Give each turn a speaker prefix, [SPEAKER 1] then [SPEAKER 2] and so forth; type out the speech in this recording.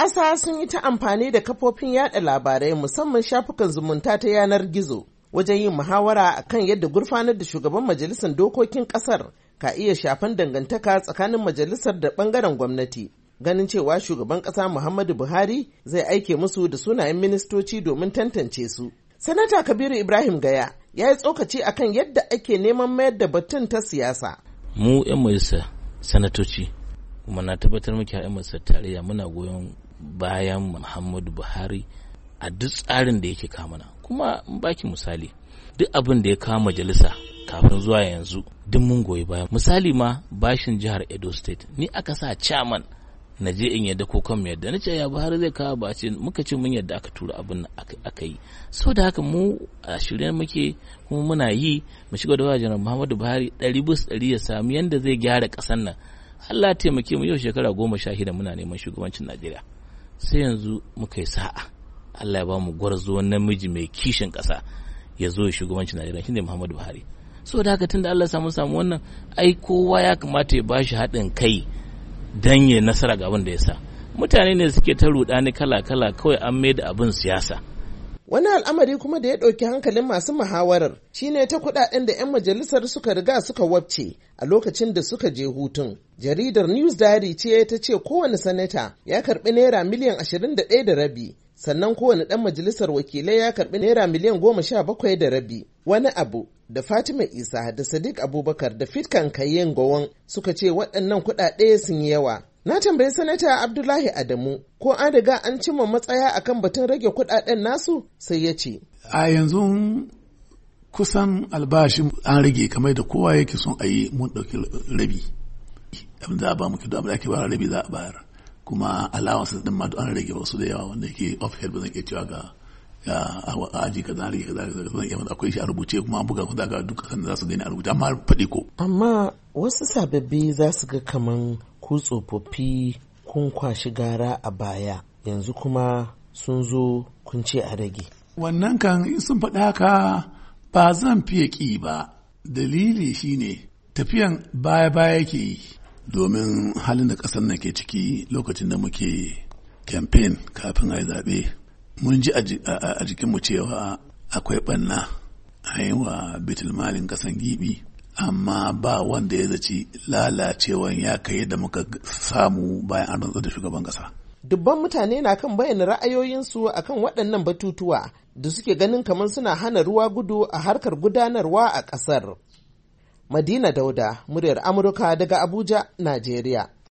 [SPEAKER 1] ƙasa sun yi ta amfani da kafofin yaɗa labarai musamman shafukan zumunta ta yanar gizo wajen yin muhawara akan yadda gurfanar da shugaban majalisar dokokin ƙasar ka iya shafan dangantaka tsakanin majalisar da ɓangaren gwamnati. Ganin cewa shugaban ƙasa Muhammadu Buhari zai aike musu da sunayen ministoci domin tantance su. Sanata Kabiru Ibrahim Gaya ya yi tsokaci akan yadda ake neman mayar da batun ta siyasa.
[SPEAKER 2] Mu 'yan majalisa sanatoci kuma na tabbatar muke 'yan majalisar tarayya muna goyon bayan muhammadu buhari a duk tsarin da yake kamuna kuma baki misali duk abin da ya kama majalisa kafin zuwa yanzu duk mun goyi baya misali ma bashin jihar edo state ni aka sa chairman na je in yadda ko kan mu yadda nace ya Buhari zai kawo ba ce muka ce mun yadda aka tura abin aka yi so da haka mu a shirye muke kuma muna yi mu shiga da wajen Muhammadu Buhari ɗari bus ɗari ya samu yadda zai gyara ƙasar nan Allah taimake mu yau shekara goma sha shida muna neman shugabancin Najeriya. sai yanzu muka yi sa'a Allah ya ba mu gwarzo namiji mai kishin ƙasa ya zo ya shugabancin Najeriya shine Muhammadu Buhari so da haka tunda Allah samu samu wannan ai kowa ya kamata ya bashi haɗin kai dan ya nasara ga abin da ya sa mutane ne suke ta rudani kala kala kawai an mai da abin siyasa
[SPEAKER 1] Wani al'amari kuma da ya ɗauki hankalin masu muhawarar shine ta kuɗaɗen da 'yan majalisar suka riga suka wabce a lokacin da suka je hutun. Jaridar News Diary ce ta ce kowane sanata ya karɓi naira miliyan ashirin da ɗaya da rabi, sannan kowane ɗan majalisar wakilai ya karɓi naira miliyan goma sha bakwai da rabi. Wani abu da Fatima Isa da Sadiq Abubakar da Fitkan kayen Gowon suka ce waɗannan kuɗaɗe sun yi yawa. Na tambayi sanata Abdullahi Adamu ko an riga an cimma matsaya akan batun rage kudaden nasu sai ya ce.
[SPEAKER 3] A yanzu kusan albashin an rage kamar da kowa yake son a yi mun ɗauki rabi. Abin za a ba mu kido abin da ake bayar rabi za a bayar. Kuma alawansa din ma an rage wasu da yawa wanda yake off head ba zan iya cewa ga a aji kaza rage kaza kaza zan iya akwai shi a rubuce kuma an buga kuma ga duk kasan za su gani a rubuce amma faɗi ko. Amma
[SPEAKER 1] wasu sababbi za su ga kaman ku tsofaffi kun kwashi gara a baya yanzu kuma sun zo kun ce a rage
[SPEAKER 3] wannan kan in sun faɗa ka ba zan fiye ƙi ba dalili shine tafiyan baya-baya yake yi domin halin da ƙasar na ke ciki lokacin da muke campaign kafin a yi zaɓe mun ji a jikinmu cewa akwai ɓanna a yi wa bitulmalin ƙasan gibi amma ba wanda ya zaci lalacewan ya kai da muka samu bayan an rantsar da shugaban kasa
[SPEAKER 1] dubban mutane na kan bayyana ra'ayoyinsu a kan waɗannan batutuwa da suke ganin kamar suna hana ruwa gudu a harkar gudanarwa a ƙasar madina dauda muryar amurka daga abuja najeriya